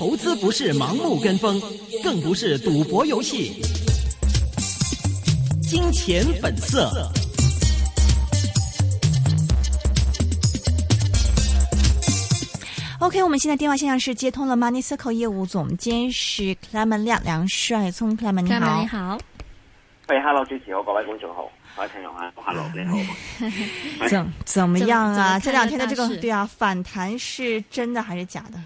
投資不是盲目跟風，更不是賭博遊戲。金錢本色 OK，我們現在電話線上是接通了 Money Circle 業務總監是 Clement 梁，梁帥聰，Clement 你好。Clement 你好。Hello，主持好，各位觀眾好，各位聽眾啊，Hello，你好。怎 怎麼樣啊？這兩天的這個，對啊，反彈是真的還是假的？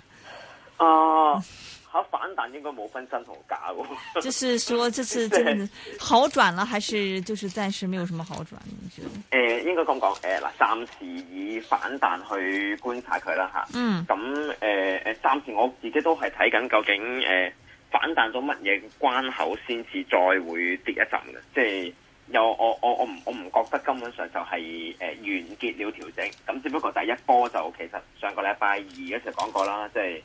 啊，吓反彈應該冇分真同假， 就是說，這次真好轉了， 還是就是暫時沒有什麼好轉，唔知。誒、呃，應該咁講，誒、呃、嗱，暫時以反彈去觀察佢啦吓。嗯。咁誒誒，暫時我自己都係睇緊，究竟誒、呃、反彈到乜嘢關口先至再會跌一陣嘅，即係又我我我唔我唔覺得根本上就係、是、誒、呃、完結了調整，咁只不過第一波就其實上個禮拜二嗰時講過啦，即係。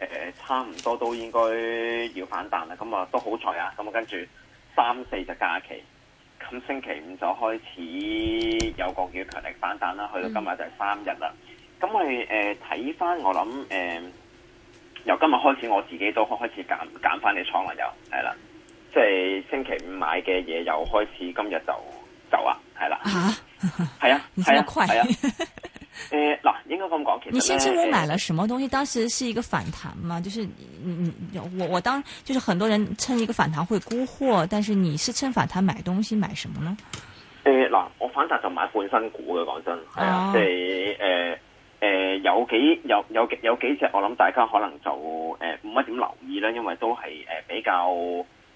誒、呃，差唔多都應該要反彈啦，咁啊都好彩啊，咁跟住三四隻假期，咁星期五就開始有個叫強力反彈啦，去到今日就係三日啦。咁、嗯、我哋誒睇翻，呃、我諗誒、呃、由今日開始，我自己都開始減減翻啲倉啦又係啦，即係、就是、星期五買嘅嘢又開始今日就走啦，係啦的，係啊， 係啊，係啊。 誒，嗱、呃，應該咁講，其實你星期五買了什麼東西？呃、當時是一個反彈嘛？就是，嗯嗯，我我當，就是很多人趁一個反彈會沽貨，但是你是趁反彈買東西，買什麼呢？誒、呃，嗱、呃，我反彈就買半新股嘅，講真係啊，即係誒誒，有幾有有有，有，有，有幾隻，我諗大家可能就誒唔乜點留意啦，因為都係誒、呃、比較，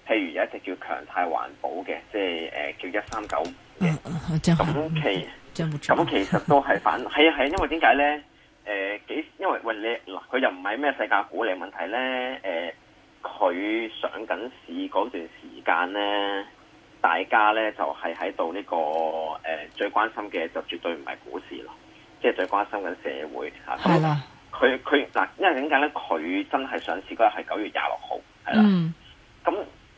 譬如有一隻叫強泰環保嘅，即係誒、呃、叫一三九五嘅，咁期。咁 其實都係反係啊係啊，因為點解咧？誒、呃，幾因為喂你嗱，佢又唔係咩世界股嚟，問題咧？誒、呃，佢上緊市嗰段時間咧，大家咧就係喺度呢個誒、呃、最關心嘅就絕對唔係股市咯，即、就、係、是、最關心緊社會吓。係、啊、啦，佢佢嗱，因為點解咧？佢真係上市嗰日係九月廿六號，係啦。嗯。咁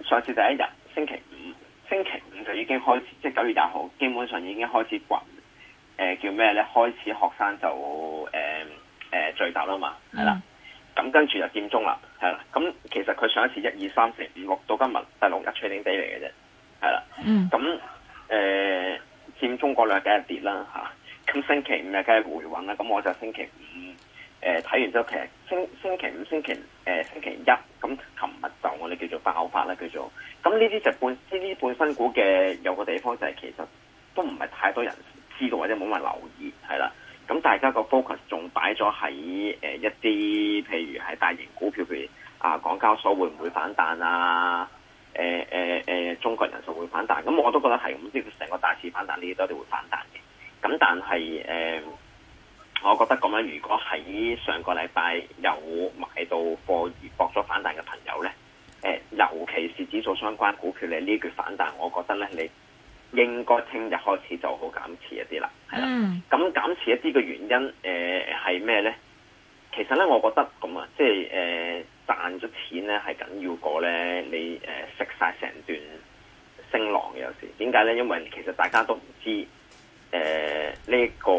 上市第一日星期五，星期五就已經開始，即係九月廿六號，基本上已經開始滾。誒、呃、叫咩咧？開始學生就誒誒、呃呃、聚集啦嘛，係啦。咁、嗯、跟住就佔中啦，係啦。咁其實佢上一次一二三四五六到今日第六日取頂地嚟嘅啫，係啦。咁誒、嗯呃、佔中嗰兩日梗係跌啦嚇。咁、啊、星期五又梗係回穩啦。咁我就星期五誒睇、呃、完之後，其實星星期五、星期誒、呃、星期一，咁琴日就我哋叫做爆發啦，叫做咁呢啲就半呢啲半新股嘅，有個地方就係其實都唔係太多人，知道或者冇乜留意，係啦。咁大家個 focus 仲擺咗喺誒、呃、一啲，譬如係大型股票，譬如啊，港交所會唔會反彈啊？誒誒誒，中國人數會反彈。咁我都覺得係，咁即成個大市反彈，呢啲都係會反彈嘅。咁但係誒、呃，我覺得咁樣，如果喺上個禮拜有買到貨而搏咗反彈嘅朋友咧，誒、呃，尤其是指數相關股票咧，呢、這、句、個、反彈，我覺得咧，你。應該聽日開始就好減持一啲啦，係啦。咁減持一啲嘅原因，誒係咩咧？其實咧，我覺得咁啊，即係誒賺咗錢咧係緊要過咧，你誒食晒成段升浪嘅有時。點解咧？因為其實大家都唔知誒呢個，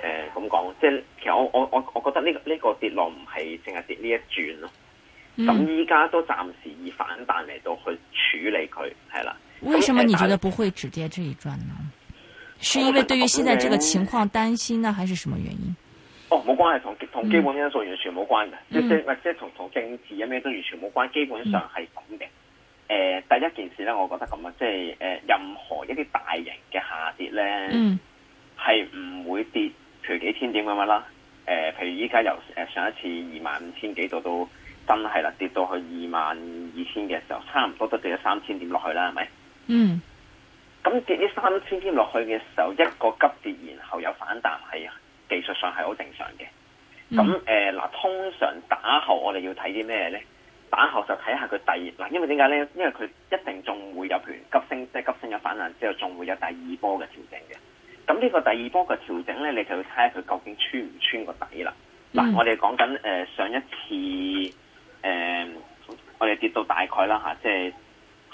誒咁講，即係其實我我我我覺得呢個呢個跌落唔係淨係跌呢一轉咯。咁依家都暫時以反彈嚟到去處理佢，係啦。為什麼你覺得不會止跌這一轉呢？是因為對於現在這個情況擔心呢，還是什麼原因？哦，冇關係，同同基本因素完全冇關嘅，嗯，即係即係同同政治一咩都完全冇關，基本上係咁嘅。誒、嗯呃，第一件事咧，我覺得咁啊，即係誒、呃，任何一啲大型嘅下跌咧，係唔、嗯、會跌譬如幾千點咁樣啦。誒、呃，譬如依家由誒上一次二萬五千幾度到真係啦，跌到去二萬二千嘅時候，差唔多都跌咗三千點落去啦，係咪？嗯，咁跌呢三千點落去嘅時候，一個急跌，然後有反彈，係技術上係好正常嘅。咁誒、嗯，嗱、呃，通常打後我哋要睇啲咩咧？打後就睇下佢第二，嗱，因為點解咧？因為佢一定仲會有，譬如急升，即、就、係、是、急升嘅反彈之後，仲會有第二波嘅調整嘅。咁呢個第二波嘅調整咧，你就要睇下佢究竟穿唔穿個底、嗯、啦。嗱，我哋講緊誒上一次誒、呃，我哋跌到大概啦吓、啊，即係。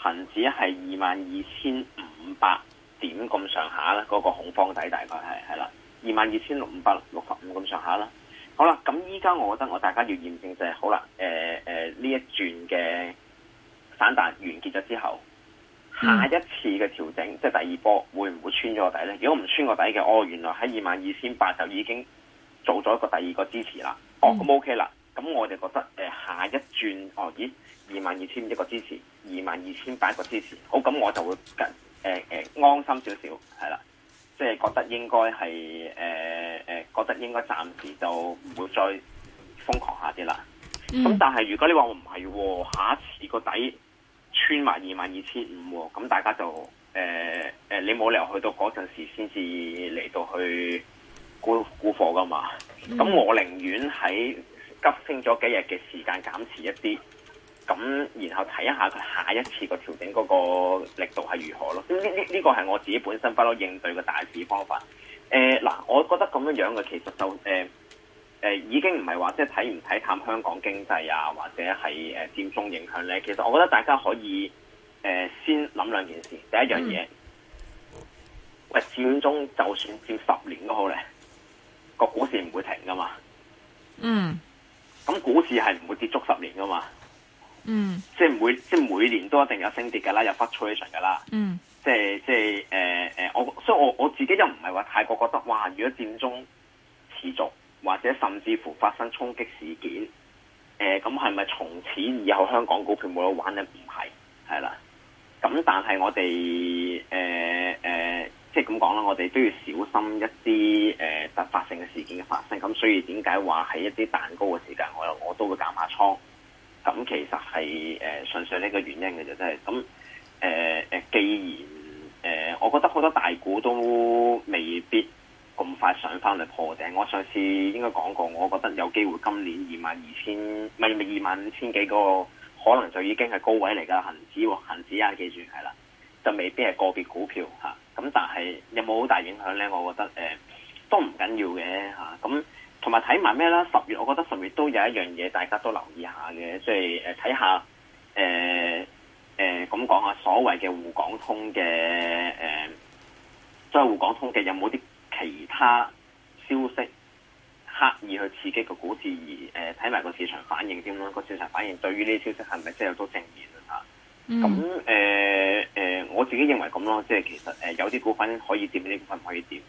恒指係二萬二千五百點咁上下啦，嗰、那個恐慌底大概係係啦，二萬二千六五百六十五咁上下啦。好啦，咁依家我覺得我大家要驗證就係、是，好啦，誒誒呢一轉嘅反彈完結咗之後，下一次嘅調整，嗯、即係第二波會唔會穿咗個底呢？如果唔穿個底嘅，哦，原來喺二萬二千八就已經做咗一個第二個支持啦。嗯、哦，咁 OK 啦。咁我哋覺得誒、呃、下一轉哦，咦二萬二千一個支持，二萬二千八一個支持，好，咁我就會更誒誒安心少少，係啦，即係覺得應該係誒誒，覺得應該暫時就唔會再瘋狂下啲啦。咁、mm. 但係如果你話我唔係，下一次個底穿埋二萬二千五、哦，咁大家就誒誒、呃呃，你冇理由去到嗰陣時先至嚟到去沽沽貨噶嘛。咁我寧願喺急升咗幾日嘅時間，減持一啲，咁然後睇一下佢下一次個調整嗰個力度係如何咯。呢呢呢個係我自己本身不嬲應對嘅大致方法。誒、呃、嗱，我覺得咁樣樣嘅其實就誒誒、呃，已經唔係話即係睇唔睇淡香港經濟啊，或者係誒、呃、佔中影響咧。其實我覺得大家可以誒、呃、先諗兩件事。第一樣嘢，嗯、喂，佔中就算佔十年都好咧，呢個股市唔會停噶嘛。嗯。咁股市係唔會跌足十年噶嘛？嗯、mm.，即係每即係每年都一定有升跌噶啦，有 fluctuation 噶啦。嗯、mm.，即係即係誒誒，我所以我我自己又唔係話太過覺得，哇！如果佔中持續，或者甚至乎發生衝擊事件，誒、呃，咁係咪從此以後香港股票冇得玩咧？唔係，係啦。咁但係我哋誒誒。呃呃即係咁講啦，我哋都要小心一啲誒突發性嘅事件嘅發生。咁所以點解話喺一啲蛋糕嘅時間，我又我都會減下倉。咁其實係誒、呃、純粹呢個原因嘅啫，即係咁誒誒。既然誒、呃，我覺得好多大股都未必咁快上返嚟破頂。我上次應該講過，我覺得有機會今年二萬二千，咪咪二萬五千幾個，可能就已經係高位嚟㗎。恒指，恒指啊，指記住係啦，就未必係個別股票吓。咁但係有冇好大影響咧？我覺得誒、呃、都唔緊要嘅嚇。咁同埋睇埋咩啦？十月我覺得十月都有一樣嘢大家都留意下嘅，即係誒睇下誒誒咁講下所謂嘅滬港通嘅誒，即係滬港通嘅有冇啲其他消息刻意去刺激個股市，而誒睇埋個市場反應先咯。個市場反應對於呢啲消息係咪真係有多正面？咁誒誒，我自己認為咁咯，即係其實誒有啲股份可以掂，有啲股份可以掂。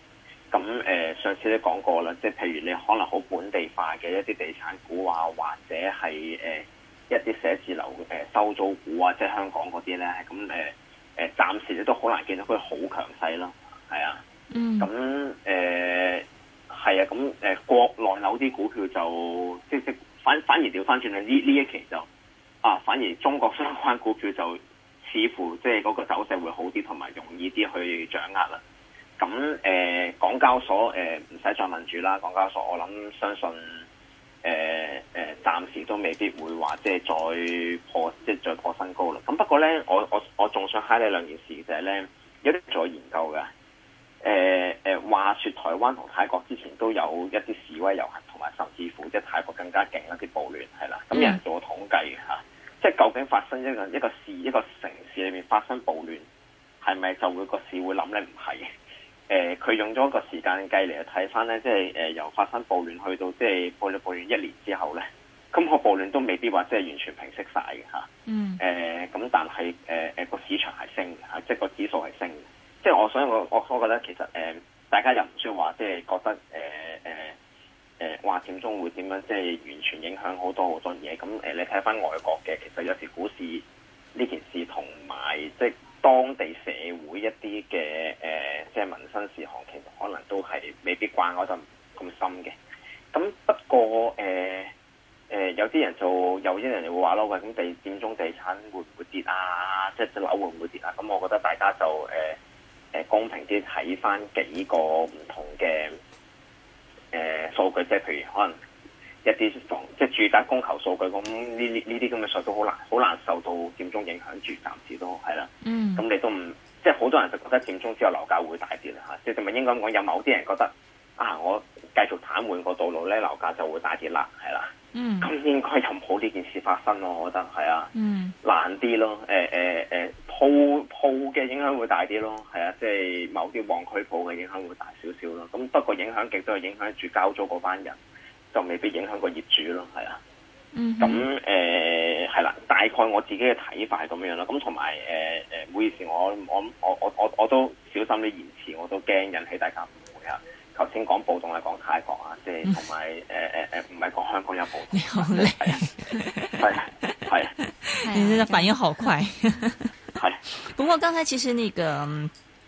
咁誒、呃、上次都講過啦，即係譬如你可能好本地化嘅一啲地產股啊，或者係誒、呃、一啲寫字樓嘅收租股啊，即係香港嗰啲咧，咁誒誒暫時你都好難見到佢好強勢咯，係啊。嗯。咁誒係啊，咁誒、呃、國內有啲股票就即即反反而調翻轉去呢呢一期就。啊，反而中國相關股票就似乎即係嗰個走勢會好啲，同埋容易啲去掌握啦。咁誒、呃，港交所誒唔使再問住啦，港交所我諗相信誒誒、呃呃，暫時都未必會話即係再破，即係再破新高啦。咁不過咧，我我我仲想 highlight 兩件事就係、是、咧，有啲做研究嘅誒誒，話説台灣同泰國之前都有一啲示威遊行，同埋甚至乎即係泰國更加勁一啲暴亂係啦。咁有人做統計嚇。即係究竟發生一個一個市一個城市裏面發生暴亂，係咪就會個市會諗咧？唔係，誒、呃、佢用咗一個時間計嚟去睇返咧，即係誒、呃、由發生暴亂去到即係暴咗暴亂一年之後咧，咁、那個暴亂都未必話即係完全平息晒嘅嚇。嗯，誒咁、呃、但係誒誒個市場係升，係即係個指數係升嘅。即係我所以我我覺得其實誒、呃、大家又唔需要話即係覺得誒誒。呃呃誒話佔中會點樣？即係完全影響好多好多嘢。咁、嗯、誒、呃，你睇翻外國嘅，其實有時股市呢件事同埋即係當地社會一啲嘅誒，即係民生事項，其實可能都係未必掛嗰度咁深嘅。咁、嗯、不過誒誒、呃呃，有啲人就有啲人就話咯，喂、嗯，咁地佔中地產會唔會跌啊？即係即樓會唔會跌啊？咁、嗯、我覺得大家就誒誒、呃、公平啲睇翻幾個唔同嘅。數據即係譬如可能一啲房即係住宅供求數據，咁呢呢呢啲咁嘅數都好難好難受到佔中影響住暫時都係啦，咁、嗯、你都唔即係好多人就覺得佔中之後樓價會大跌啦吓，即係咪應該咁講？有某啲人覺得啊，我繼續癱瘓個道路咧，樓價就會大跌啦，係啦，咁、嗯、應該又冇呢件事發生咯，我覺得係啊，嗯、難啲咯，誒誒誒。呃呃鋪鋪嘅影響會大啲咯，係啊，即係某啲旺區鋪嘅影響會大少少咯。咁不過影響極都係影響住交租嗰班人，就未必影響個業主咯，係啊。嗯。咁誒係啦，大概我自己嘅睇法係咁樣樣咯。咁同埋誒誒，唔好意思，我我我我我我都小心啲言辭，我都驚引起大家誤會啊。頭先講暴動係講泰國啊，即係同埋誒誒誒，唔係講香港有暴動。你好叻。係係。你真係反應好快。係， 不過剛才其實那個。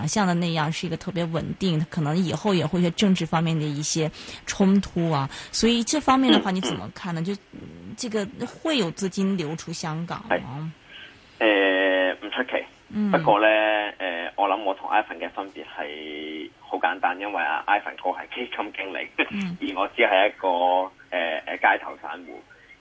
想象的那樣是一個特別穩定，可能以後也會有政治方面的一些衝突啊，所以這方面的話你怎麼看呢？嗯嗯、就這個會有資金流出香港、啊，誒唔、呃、出奇，嗯、不過呢，誒、呃、我諗我同 Ivan 嘅分別係好簡單，因為阿 Ivan 哥係基金經理，嗯、而我只係一個誒誒、呃、街頭散戶，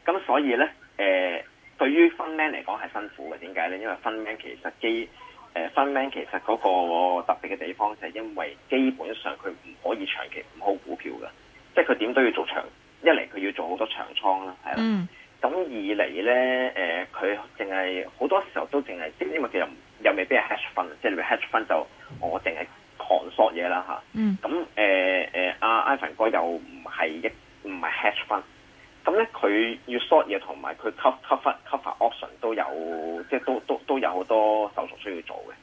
咁所以呢，誒、呃、對於 Fundman 嚟講係辛苦嘅，點解呢？因為 Fundman 其實基誒、uh，fund man 其實嗰個特別嘅地方就係因為基本上佢唔可以長期唔好股票嘅，即係佢點都要做長。一嚟佢要做好多長倉啦，係啦。咁二嚟咧，誒佢淨係好多時候都淨係，因為又又未必係 hedge fund，即係未 hedge fund 就我淨係狂 short 嘢啦嚇。咁誒誒，阿、嗯呃啊、Ivan 哥又唔係一唔係 hedge fund。咁咧，佢、嗯嗯、要 short 嘢同埋佢 cover cover option 都有，即係都都都有好多手續需要做嘅。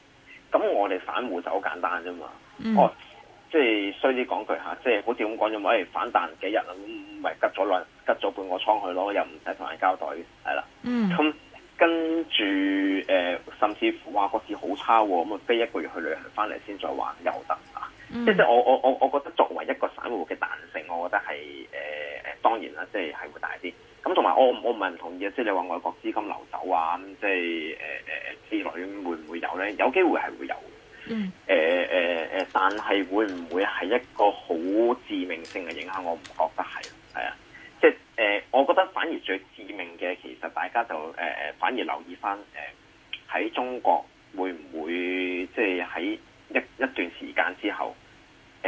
咁我哋散戶就好簡單啫嘛，我即係衰啲講句嚇，即係好似咁講咗，喂反彈幾日啦，咁咪吉咗兩吉咗半個倉去咯，又唔使同人交代，係啦、嗯嗯呃。嗯。咁跟住誒，甚至乎話個市好差喎，咁啊飛一個月去旅行翻嚟先再玩又得啊、嗯嗯！即係我我我我覺得作為一個散戶嘅彈性，我覺得係誒。呃當然啦，即係係會大啲。咁同埋我我唔係唔同意啊，即係你話外國資金流走啊，咁即係誒誒之類，會唔會有咧？有機會係會有。嗯。誒誒誒，但係會唔會係一個好致命性嘅影響？我唔覺得係。係啊。即係誒、呃，我覺得反而最致命嘅，其實大家就誒誒、呃，反而留意翻誒喺中國會唔會即係喺一一段時間之後。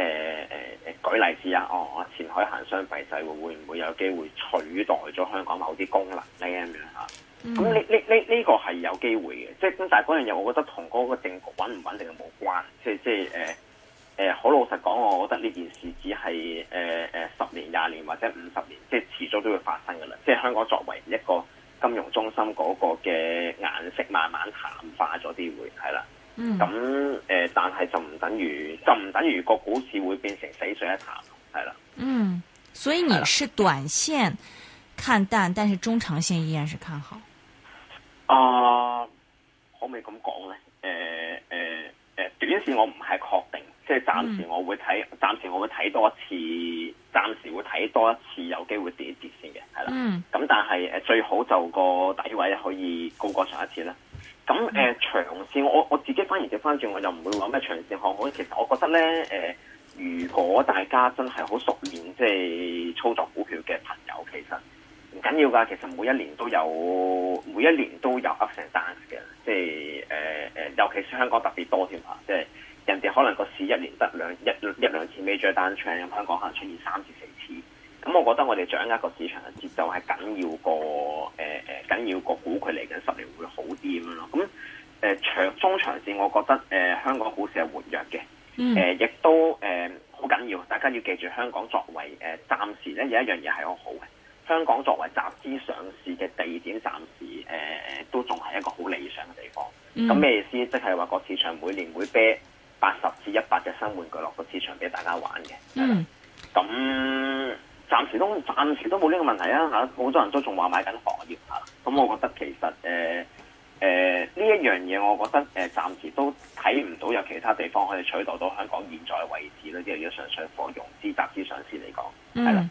誒誒誒，舉例子啊，哦，我前海行商幣制會會唔會，mm hmm. 這個，有機會取代咗香港某啲功能呢？咁樣吓？咁呢呢呢呢個係有機會嘅，即係咁。但係嗰樣嘢，我覺得同嗰個政局穩唔穩定冇關係。即係即係誒誒，好、呃呃、老實講，我覺得呢件事只係誒誒十年，廿年或者五十年，即係遲早都會發生噶啦。即係香港作為一個金融中心，嗰個嘅顏色慢慢淡化咗啲，會係啦。咁誒，嗯嗯、但係就唔等於就唔等於個股市會變成死水一潭，係啦。嗯，所以你是短綫看淡，是的但是中長綫依然是看好。啊，嗯、可唔可以咁講呢？誒誒誒，短綫我唔係確定，即、就、係、是、暫時我會睇，嗯、暫時我會睇多一次，暫時會睇多一次有機會跌一跌先嘅，係啦。嗯。咁、嗯、但係誒，最好就個底位可以高過上一次咧。咁誒、呃、長線，我我自己反而接翻轉，我就唔會話咩長線好唔好。其實我覺得咧，誒、呃，如果大家真係好熟練，即係操作股票嘅朋友，其實唔緊要㗎。其實每一年都有，每一年都有 up 成 down 嘅，即係誒誒，尤其是香港特別多添啊！即係人哋可能個市一年得兩一兩一兩次 major down trend，咁香港可能出現三至四次。咁我覺得我哋掌握個市場嘅節奏係緊要過誒誒緊要個股佢嚟緊十年會好啲咁咯。咁誒長中長線，我覺得誒、呃、香港股市係活躍嘅，誒、呃、亦都誒好緊要。大家要記住，香港作為誒暫、呃、時咧有一樣嘢係好好嘅，香港作為集資上市嘅地點暫，暫時誒誒都仲係一個好理想嘅地方。咁咩、嗯、意思？即係話個市場每年會啤八十至一百隻新玩具落個市場俾大家玩嘅、嗯。嗯，咁。暫時都暫時都冇呢個問題啊！嚇，好多人都仲話買緊行業嚇，咁、啊嗯、我覺得其實誒誒呢一樣嘢，我覺得誒、呃、暫時都睇唔到有其他地方可以取代到香港現在嘅位置咯。即係如果上上火融資集資上市嚟講，嗯。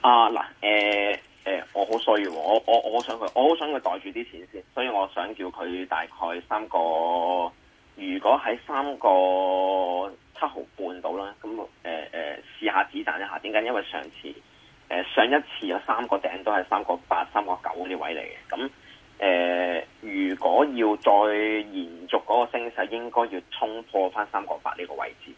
啊嗱，誒誒、呃呃呃，我好需要，我我我想佢，我好想佢袋住啲錢先，所以我想叫佢大概三個，如果喺三個七毫半度啦，咁誒誒試下子彈一下，點解？因為上次誒、呃、上一次有三個頂都係三個八、三個九呢位嚟嘅，咁誒、呃、如果要再延續嗰個升勢，應該要衝破返三個八呢個位置。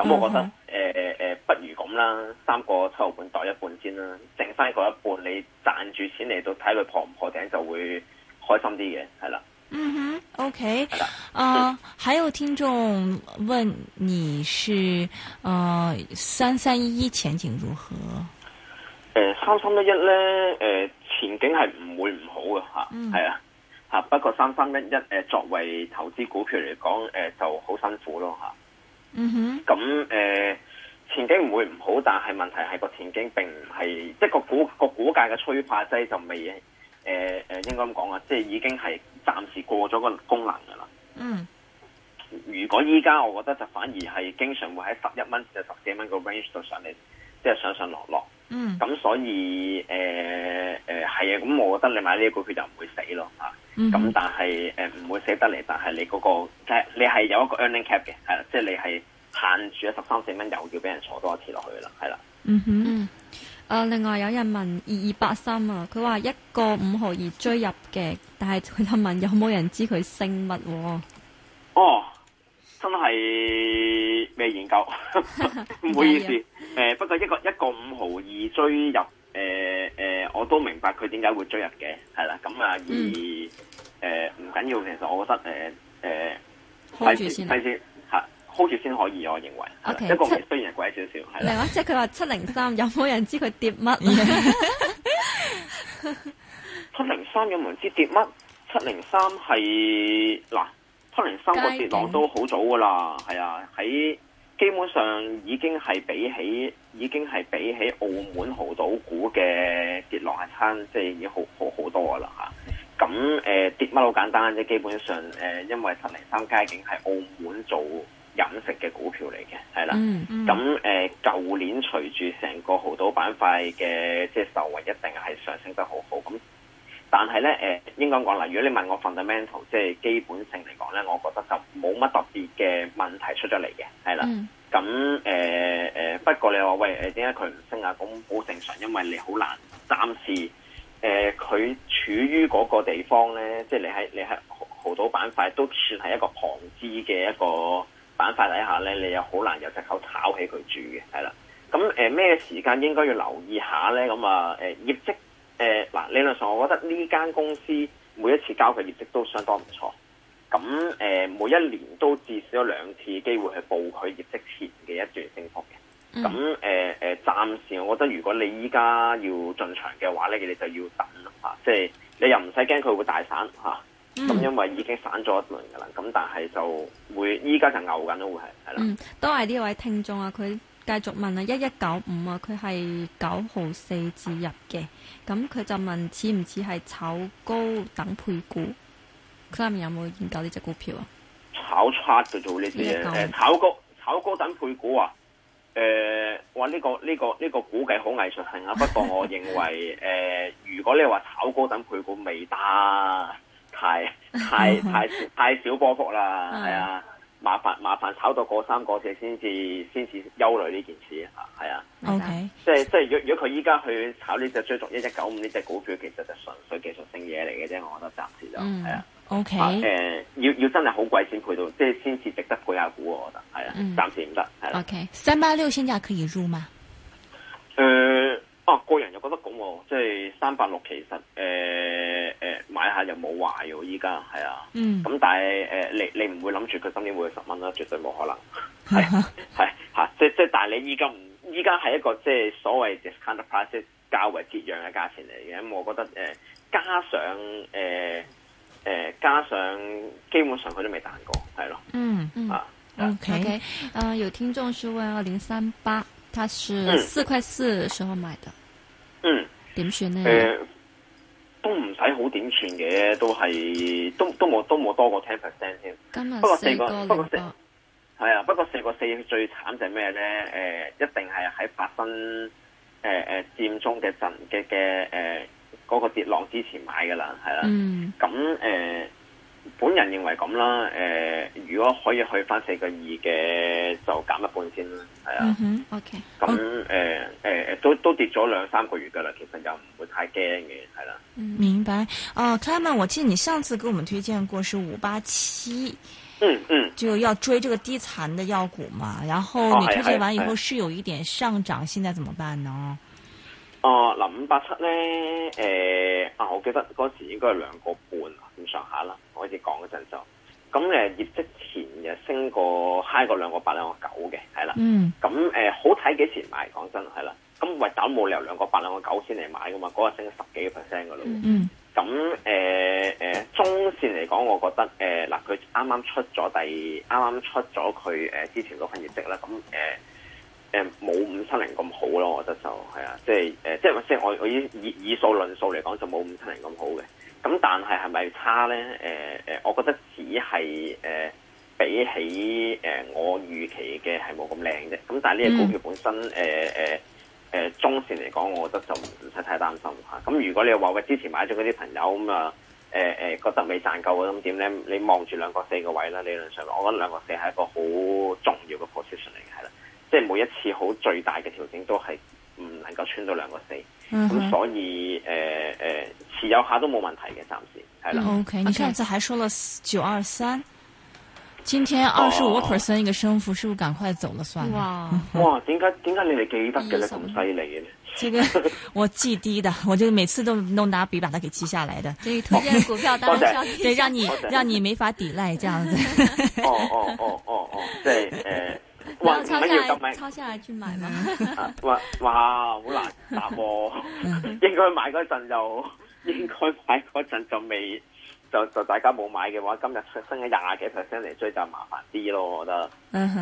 咁、嗯嗯、哼我覺得誒誒誒，不如咁啦，三個七毫半袋一半先啦，剩翻嗰一,一半你賺住錢嚟到睇佢破唔破頂，就會開心啲嘅，係啦。嗯哼，OK。係的、嗯、啊，還有聽眾問，你是誒三三一一前景如何？誒、嗯，三三一一咧，誒、呃，前景係唔會唔好嘅，吓，係啊，吓、嗯啊，不過三三一一誒，作為投資股票嚟講，誒、呃呃呃，就好辛苦咯吓。啊嗯哼，咁誒、呃，前景唔會唔好，但係問題係個前景並唔係，即係個股個股價嘅催化劑就未誒誒、呃，應該咁講啊，即係已經係暫時過咗個功能噶啦。嗯，如果依家我覺得就反而係經常會喺十一蚊至十幾蚊個 range 度上嚟，即係上上落落。嗯，咁、嗯、所以，誒、呃，誒、呃，係啊，咁我覺得你買呢一股佢就唔會死咯，吓、啊，咁、啊、但係，誒、呃，唔會死得嚟，但係你嗰、那個即係你係有一個 earning cap 嘅，係、啊、啦，即係你係限住咗十三四蚊，又要俾人坐多一次落去啦，係、啊、啦。嗯哼嗯，誒、呃，另外有人問二二八三啊，佢話一個五毫二追入嘅，但係佢就問有冇人知佢姓乜、啊？哦，真係未研究，唔 好意思。 誒、呃，不過一個一個五毫二追入，誒、呃、誒、呃，我都明白佢點解會追入嘅，係啦，咁啊，而誒唔緊要，其實我覺得誒誒，hold 住先，吓、呃、hold 住先可以，我認為 okay，一個，七，雖然貴少少，係啦，嚟啦，即係佢話七零三有冇人知佢跌乜？七零三有冇人知跌乜？七零三係嗱，七零三個跌浪都好早噶啦，係啊，喺。基本上已經係比起已經係比起澳門濠賭股嘅跌落嚟，差，即係已經好好好多噶啦嚇。咁、啊、誒、呃、跌乜好簡單啫，基本上誒、呃、因為十零三街景係澳門做飲食嘅股票嚟嘅，係啦。咁誒舊年隨住成個濠賭板塊嘅即係受惠，一定係上升得好好咁。但係咧，誒、呃、應該講嗱，如果你問我 fundamental 即係基本性嚟講咧，我覺得就冇乜特別嘅問題出咗嚟嘅，係啦。咁誒誒，不過你話喂誒，點解佢唔升啊？咁好正常，因為你好難暫時誒，佢、呃、處於嗰個地方咧，即係你喺你喺豪宅板塊都算係一個旁支嘅一個板塊底下咧，你又好難有隻口炒起佢住嘅，係啦。咁誒咩時間應該要留意下咧？咁啊誒業績。誒，嗱、呃，理論上我覺得呢間公司每一次交嘅業績都相當唔錯。咁誒、呃，每一年都至少有兩次機會去報佢業績前嘅一段升幅嘅。咁誒誒，暫、呃呃、時我覺得如果你依家要進場嘅話咧，你就要等啦，即、啊、係、就是、你又唔使驚佢會大散吓。咁、啊啊嗯、因為已經散咗一輪噶啦，咁但係就會依家就在牛緊咯，會係係啦。嗯，多謝呢位聽眾啊，佢繼續問啊，一一九五啊，佢係九號四至入嘅。咁佢、嗯、就問似唔似係炒高等配股？佢下面有冇研究呢隻股票啊？炒差就做呢啲嘢誒，炒高炒高等配股啊？誒、欸，哇呢、呢個呢、呢個呢、呢個估計好藝術性啊。不過我認為誒、欸，如果你話炒高等配股，未打，太太太太少波幅啦，係 啊。麻煩麻煩炒到嗰三個先至先至憂慮呢件事啊，係啊，O K，即係即係，如果如果佢依家去炒呢隻追逐一一九五呢隻股票，其實就純粹技術性嘢嚟嘅啫，我覺得暫時就係、嗯、啊，O K，誒，要要真係好貴先配到，即係先至值得配下股，我覺得係啊，暫、嗯、時唔得，係啦。O K，三八六現價可以入嗎？誒、呃。我個人又覺得咁喎，即係三百六其實誒誒買下又冇壞喎，依家係啊，咁但係誒你你唔會諗住佢今年會去十蚊啦，絕對冇可能。係係吓，即即係但係你依家唔依家係一個即係所謂 discount price 較為折讓嘅價錢嚟嘅，咁我覺得誒加上誒誒加上基本上佢都未彈過，係咯，嗯嗯啊，OK，嗯有聽眾是問二零三八，他是四塊四嘅時候買的。嗯，點算咧？誒，都唔使好點算嘅，都係都都冇都冇多過 ten percent 添。今日不過四個，個不過四係啊！不過四個四最慘就係咩咧？誒、呃，一定係喺發生誒誒佔中嘅陣嘅嘅誒嗰個跌浪之前買㗎喇，係啦、啊。嗯。咁誒。呃本人認為咁啦，誒、呃，如果可以去返四個二嘅，就減一半先啦，係啊。嗯哼、mm hmm，OK 樣。咁誒誒，都都跌咗兩三個月㗎啦，其實又唔會太驚嘅，係啦、啊。明白。哦、啊、Clayman，我記得你上次給我們推薦過是五八七，嗯嗯，就要追這個低殘的藥股嘛。然後你推薦完以後是有一點上漲，現在怎麼辦呢？哦、啊，嗱，五八七咧，誒，啊，我記得嗰時應該係兩個半咁上下啦。開始講嗰陣就，咁咧業績前日升過 high 過兩個八兩個九嘅，係啦。嗯。咁誒，好睇幾時買講？講真係啦，咁搵走冇理由兩個八兩個九先嚟買噶嘛，嗰日升十幾個 percent 噶啦。嗯。咁誒誒，中線嚟講，我覺得誒嗱，佢啱啱出咗第二，啱啱出咗佢誒之前嗰份業績啦。咁誒誒，冇五七零咁好咯，我覺得就係啊，即係誒，即係即係我我以以以數論數嚟講，就冇五七零咁好嘅。咁但係係咪差咧？誒、呃、誒，我覺得只係誒、呃、比起誒、呃、我預期嘅係冇咁靚啫。咁但係呢隻股票本身誒誒誒中線嚟講，我覺得就唔使太擔心嚇。咁、啊、如果你話喂之前買咗嗰啲朋友咁啊誒誒覺得未賺夠嗰種點咧，你望住兩個四個位啦，理論上我覺得兩個四係一個好重要嘅 position 嚟嘅係啦，即係每一次好最大嘅調整都係。唔能夠穿到兩個四，咁所以誒誒持有下都冇問題嘅，暫時係啦。OK，你上次還說了九二三，今天二十五個 percent 一個升幅，是不是趕快走了算哇！哇！點解點解你哋記得嘅咧？咁犀利嘅呢？這個我記低的，我就每次都弄拿筆把它給記下來的。所以推薦股票，當中對，讓你讓你沒法抵賴，這樣子。哦哦哦哦哦，對誒。話乜嘢就咪，哇抄下係去買嘛？話話 好難答喎、啊， 應該買嗰陣就，應該買嗰陣就未，就就大家冇買嘅話，今日出生嘅廿幾 percent 嚟追就麻煩啲咯，我覺得。誒誒、嗯哼，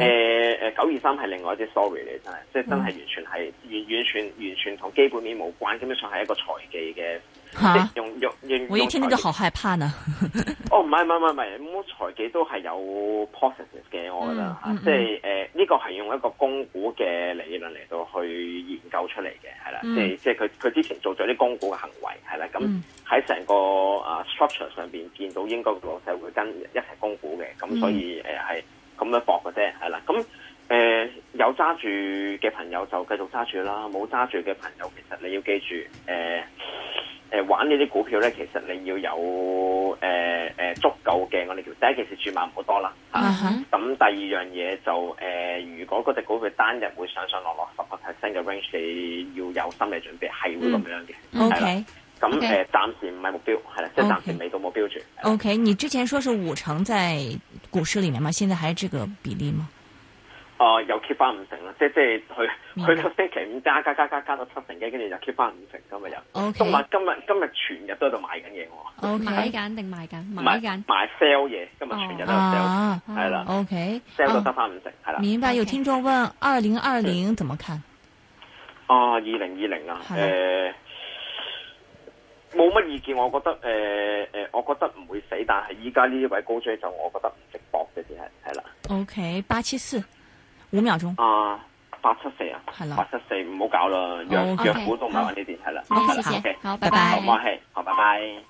九二三係另外一隻 story 嚟，真係，即係真係完全係完、嗯、完全完全同基本面冇關，基本上係一個財技嘅，哈即係用用用。用用用我一聽咧就好害怕呢。 哦，唔係唔係唔係唔係，財技都係有 process 嘅，我覺得吓，即係誒。呢個係用一個供股嘅理論嚟到去研究出嚟嘅，係啦，mm. 即係即係佢佢之前做咗啲供股嘅行為，係啦，咁喺成個啊、呃、structure 上邊見到應該個勢會跟一齊供股嘅，咁所以誒係咁樣搏嘅啫，係啦，咁誒、嗯呃、有揸住嘅朋友就繼續揸住啦，冇揸住嘅朋友其實你要記住誒。呃誒，玩呢啲股票咧，其實你要有誒誒、呃呃、足夠嘅，我哋叫第一件事，注碼唔好多啦，吓、啊。咁、uh huh. 第二樣嘢就誒、呃，如果嗰隻股票單日會上上落落十 percent 嘅 range，你要有心理準備係會咁樣嘅。Mm. OK，咁誒 Okay.、呃、暫時唔係目標，係啦，即係 Okay. 暫時未到目標住。Okay. OK，你之前說是五成在股市裏面嘛？現在還係這個比例嗎？哦，又 keep 翻五成啦，即係即係去去到星期五加加加加加到七成幾，跟住又 keep 翻五成咁啊又，同埋今日今日全日都喺度買緊嘢喎，買緊定賣緊，買緊 sell 嘢，今日全日都 sell，係啦，OK，sell 都得翻五成，係啦。明白，有聽眾問二零二零怎麼看？啊，二零二零啊，誒，冇乜意見，我覺得誒誒，我覺得唔會死，但係依家呢位高追就我覺得唔值搏嘅，啲係係啦。OK，八七四。五秒鐘、uh, 8, 7, 啊，八七四啊，係 啦，八七四唔好搞啦，讓讓股都唔喺呢邊，係啦 okay.，好，謝謝，好，拜拜，唔好客氣，好，拜拜。